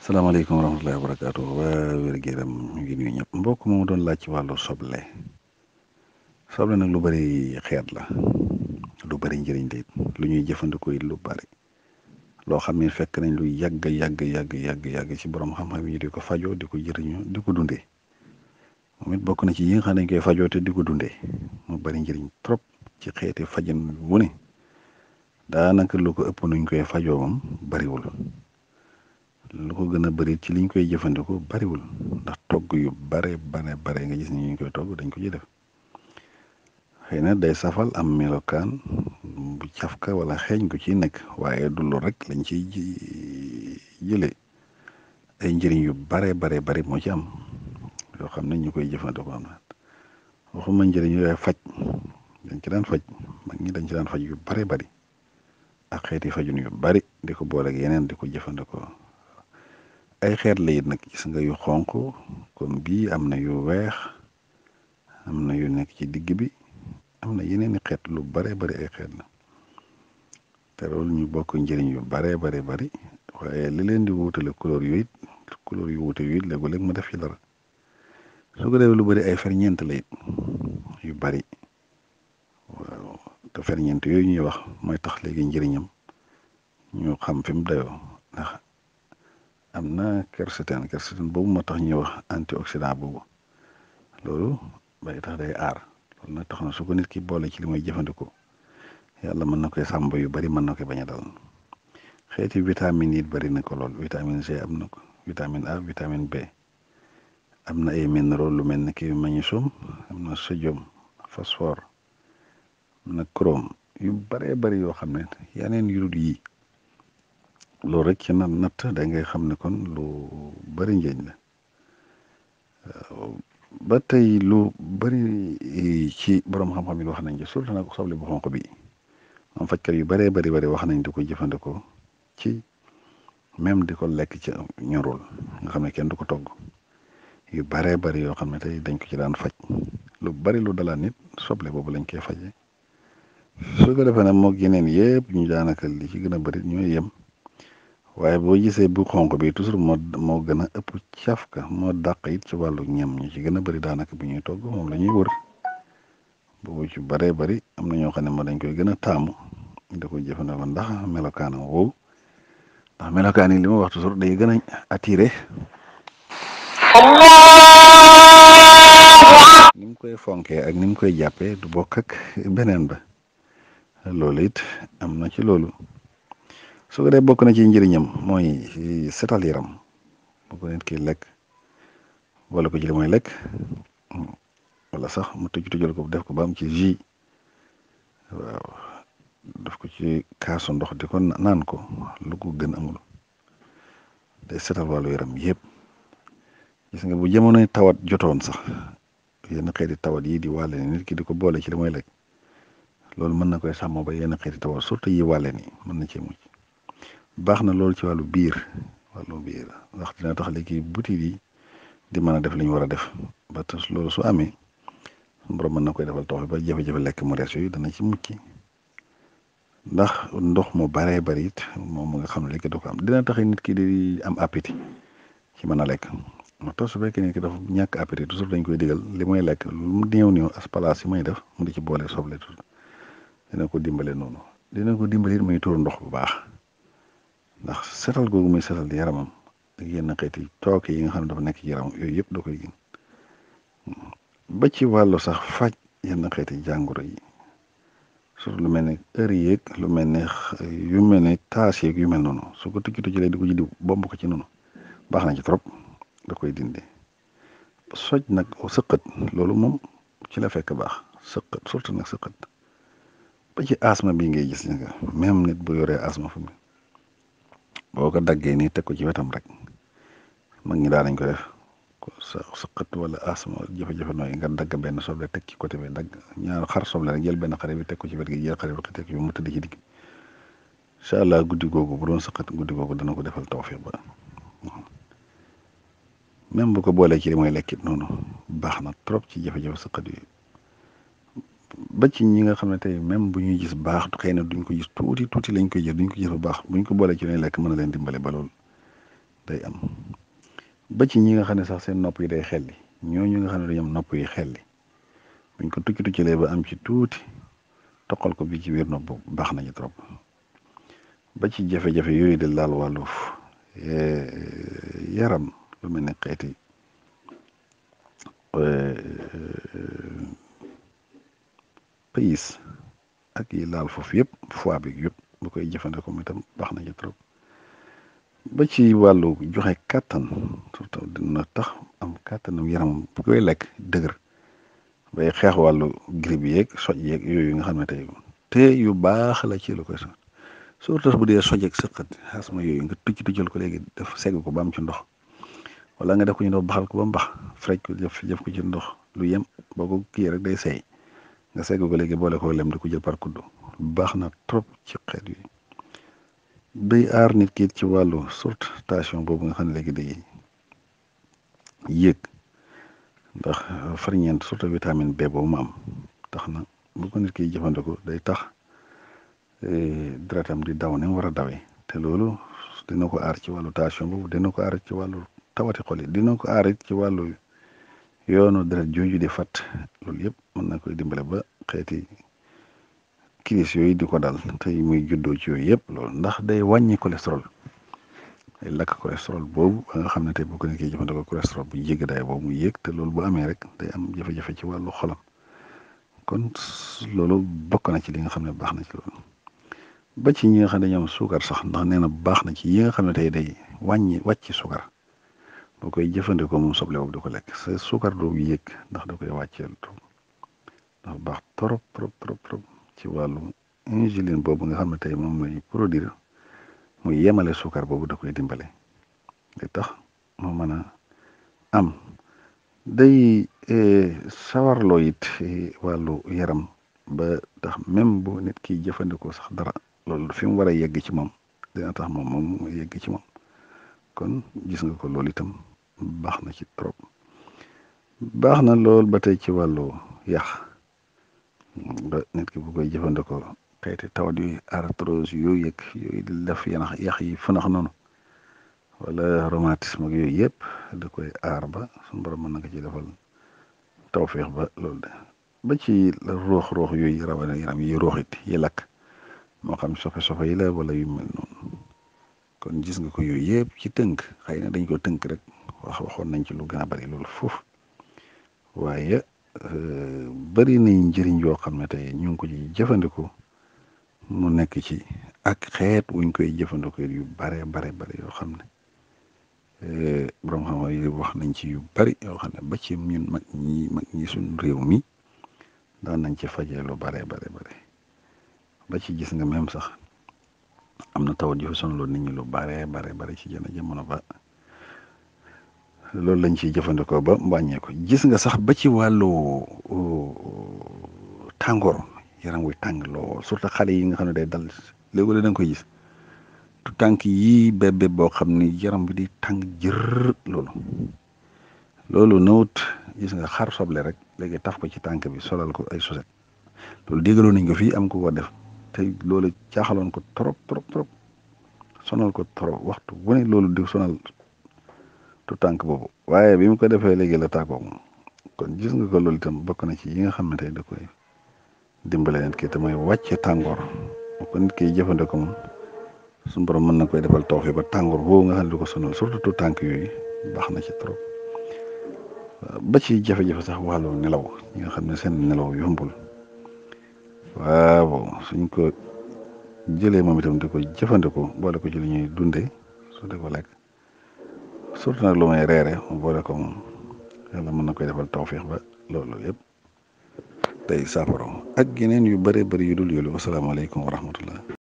salaamaaleykum warahmatullahi wabarakatuh. wa barakaatu waa wér-gu-yaram ñu ngi nuyu ñëpp mbokk doon laaj ci wàllu soble soble nag lu bari xeet la lu bari njëriñ la lu ñuy jëfandikoo it lu bari loo xam ne fekk nañ lu yàgg yàgg yàgg yàgg yàgg ci borom xam-xam yi di ko fajoo di ko jëriñoo di ko dundee moom it bokk na ci yi nga xam te di ko mu bari njëriñ trop ci xeeti fajin wu ne daanaka lu ko ëpp nuñ koy fajoo moom bariwul. lu ko gën a bëri ci liñ koy jëfandikoo bariwul ndax togg yu bare bare bare nga gis ni koy togg dañ ko ci def xëy na day safal am melokaan bu cafka wala xeeñ ko ci nekk waaye du rek lañ ciy jële ay njëriñ yu bare bare bari moo ci am yoo xam ne ñu koy jëfandikoo am na waxuma njëriñ yooyu faj dañ ci daan faj mag ñi dañ ci daan faj yu bare bari ak xeeti fajun yu bari di ko boole yeneen di ko jëfandikoo. ay xeet la it nag gis nga yu xonq comme bii am na yu weex am na yu nekk ci digg bi am na yeneen xeet lu bare bari ay xeet la te loolu ñu bokk njëriñ yu bare bare bari waaye li leen di wutale couleur yooyu it couleur yu wute yooyu it léeg ma def ci dara su ko lu bari ay ferñeent la yu bari te ferñeent yooyu ñuy wax mooy tax léegi njëriñam ñu xam fi mu dayoo. amna na quercétine quercétine boobu tax ñi wax antioxidant boobu lolu bay tax day ar lolu na tax na su ko nit ki bolé ci limay jëfëndiko yalla ya, mën na koy yu bari mën na koy bañ dal xéti vitamine yi bari na ko lolu vitamine C amna ko vitamine A vitamine B amna ay minéraux lu melni ki magnésium amna sodium phosphore amna chrome yu bari bari yo xam yanen yu dul loolu rek ci na natt da ngay xam ne kon lu bari njëriñ la ba tey lu bari e, ci borom xam-xam yi wax nañ ci surtout nag soble bu xonq bi am fajkat yu bëree bari bëri wax nañ di ko jëfandikoo ci même di ko lekk ci ñorul nga xam ne kenn du ko togg yu bëree bëri yoo xam ne tey dañ ko ci daan faj lu bëri lu dalaa nit soble boobu lañ koy faje su ko defee nag moog yeneen yëpp ñu daanaka li ci gën a bëri ñooy yem. waaye boo gisee bu xonq bi toujours moo moo gën a ëpp chafka moo dàq it ci wàllu ñam ñu ci gën a bari daanaka bu ñuy togg moom la ñuy wër boobu ci bëree bari am na ñoo xam ne moo dañ koy gën a taamu da ko jëfandikoo ndax melokaana woowu ndax melokaan yi li wax toujours day gën a attiré ni mu koy fonke ak ni mu koy jàppee du bokk beneen ba loolu it am na ci loolu su ko dee bokk na ci njëriñam mooy setal yaram bu ko nit ki lekk wala ko ci li lekk wala sax mu tëj tëjal ko def ko ba am ci ji def ko ci kaasu ndox di ko naan ko lu ko gën amul day setal wàllu yaram yëpp gis nga bu jamonoy tawat jotoon sax yenn xeeti tawat yi di wàlle ni nit ki di ko boole ci li lek lekk loolu mën na koy sàmm ba yenn xeeti tawat surtout yi wàlle ni mën na cee mucc baax na loolu ci wàllu biir wàllu biir ndax dina tax léegi butit yi di mën a def lañu ñu war a def ba te lool su amee borom mën na koy defal tox ba jafe-jafe lekk mu rees yooyu dana ci mucc ndax ndox mu baree bari it moom nga xam ne léegi ko am dina tax nit ki di am appétit ci mën a lekk moo tax su fekkee nit ki ñàkk appétit toujours dañ koy digal li muy lekk lu mu néew néew as palaas yi may def mu di ci boole soble dina ko dimbale noonu dina ko dimbale it muy tuur ndox bu baax. ndax setal googu muy setal yaramam ak yenn xeeti tooke yi nga xam ne dafa nekk yaram yooyu yëpp da koy gën ci wàllu sax faj yenn xeeti jàngoro yi surtout lu mel ne heure yeeg lu mel ne yu mel ne taas yeeg yu mel noonu su ko tëjee tëjalee di ko jëndi bomb ko ci noonu baax na ci trop da koy dindi soj nag sëqët loolu moom ci la fekk baax sëqët surtout nag sëqët ba ci asma bi ngay gis nga même nit bu yoree asma fu mu boo ko daggee nii teg ko ci wetam rek mag ñi daa nañ ko def sa saqat wala asma jafe-jafe nooy nga dagg benn soble teg ci côté bi dagg ñaar xar soble rek jël benn xare bi teg ko ci wet gi jël xare bi teg ko ci mu tëdd ci digg incha allah guddi googu bu doon saqat guddi googu dana ko defal tawfiq ba même bu ko boolee ci li mooy lekkit noonu baax na trop ci jafe-jafe saqat yi ba ci ñi nga xam ne tey même bu ñuy gis baax xëy na duñ ko gis tuuti tuuti lañ koy jël duñ ko gis bu baax buñ ko boole ci lañ lekk mën a leen dimbale ba day am ba ci ñi nga xam ne sax seen nopp yi day xelli ñooñu nga xam ne dañu am nopp yi xelli buñ ko tukki tukkilee ba am ci tuuti toqal ko bi ci biir nopp baax nañu trop ba ci jafe-jafe yooyu de laal wàlluf eh, yaram lu mel ne xeeti eh, xiis ak yi laal foofu yëpp foie bi yëpp bu koy jëfandikoo moom itam baax na ci trop ba ci wàllu joxe kàttan na tax am kàttanam yaram bu koy lekk dëgër bay xeex wàllu grippe yeeg soj yeeg yooyu nga xam ne te yu baax la ci lu koy so surtout bu dee soj ak sëqat yooyu nga tucc tuccal ko léegi def segg ko ba am ci ndox wala nga def ko ci ndox baxal ko ba mbax frej ko def ko ci ndox lu yem boo ko kii rek day seey nga segg ko léegi boole ko lem di ko jël par kuddu baax na trop ci xeet yi day aar nit ki ci wàllu surtation boobu nga xam ne léegi day yéeg ndax farñeent surtout vitamine B boobu mu am tax na bu ko nit ki jëfandikoo day tax e, deretam di daw ni mu war a dawee te loolu dina ko aar ci wàllu tension boobu dina ko aar ci wàllu tawati xol yi dina ko aar ci wàllu yoonu deret jooju di fat loolu yëpp mën na koy dimbale ba xeeti crise yooyu di ko dal tey muy juddoo ci yooyu yëpp loolu ndax day wàññi cholestérol day lakk cholestérol boobu ba nga xam ne tey bu ko nekkee jëfandikoo cholestérol bu jéggi day boobu mu yéeg te loolu bu amee rek day am jafe-jafe ci wàllu xolam kon loolu bokk na ci li nga xam ne baax na ci loolu ba ci ñi nga xam ne dañoo am suukar sax ndax nee na baax na ci yi nga xam ne tey day wàññi wàcc suukar da koy jëfandikoo moom soble boobu da ko lekk sa suukar du yéeg ndax da koy wàcceel dafa baax trop trop trop ci wàllu insuline boobu nga xam ne tey moom mooy produire muy yemale suukar boobu da koy dimbale li tax moo mën a am day eh, sawarloo it eh, wàllu yaram ba tax même bu nit ki jëfandikoo sax dara loolu fi mu war a yegg ci moom dina tax moom moom yegg ci moom kon gis nga ko loolu itam baax na ci trop baax na lool ba tey ci wàllu yax nit ki bu koy jëfandikoo xeeti tawat yu arthrose yooyu yëg yooyu di def yanax yax yi fanax noonu wala rhumatisme ak yooyu yëpp da koy aar ba suñu borom mën na ko ci defal tawféex ba lool de ba ci ruux ruux yooy rawane yaram yi ruuxit yi lakk moo xam sofe-sofe yi la wala yu mel noonu kon gis nga ko yooyu yëpp ci tënk xëy na dañ ko tënk rek wax waxoon nañ ci lu gën a bari loolu foofu waaye euh, bari nañ njëriñ yoo xam ne tey ñu ngi ko ci jëfandikoo mu nekk ci ak xeet wuñ koy jëfandikoo yu bare bare bare yoo xam ne euh, borom xam yi wax nañ ci yu bari yoo xam ne ba ci ñun mag ñi mag ñi suñu réew mi daan nañ ci fajee lu bare bare bare ba ci gis nga même sax am na tawat yu sonaloon nit ñi lu bare bare bare ci jën jamono ba loolu lañ ciy jëfandikoo ba wàññeeku gis nga sax ba ci wàllu tàngoor yaram wuy tàng lool surtout xale yi nga xam ne day dal léeg-léeg da nga koy gis tu tànk yii bébé boo xam ne yaram bi di tàng jër loolu loolu nawut gis nga xar soble rek léegi taf ko ci tànk bi solal ko ay soset loolu déggaloon nañ ko fii am ko ko def te loolu caaxaloon ko trop trop trop sonal ko trop waxtu bu loolu di sonal tu tànk boobu waaye bi mu ko defee léegi la tàggoog moom kon gis nga ko lool itam bokk na ci yi nga xam ne tey da koy dimbale nit ki te mooy wàcce tàngoor ko nit jëfandikoo moom suñu borom mën na koy defal toox yi ba tàngoor boobu nga xam ne du ko sonal surtout tu tànk yooyu bax na ci trop ba ci jafe-jafe sax wàllu nelaw ñi nga xam ne seen nelaw yombul waaw suñ ko jëlee moom itam di ko jëfandikoo boole ko ci li ñuy dunde su dee ko lekk. surtout nag lu ma reere mu boole ko moom mën na koy defal tawfiix ba loolu yëpp tey saafara ak yeneen yu bëree bëri yu dul yooyu wasalaamaaleykum wa rahmatullah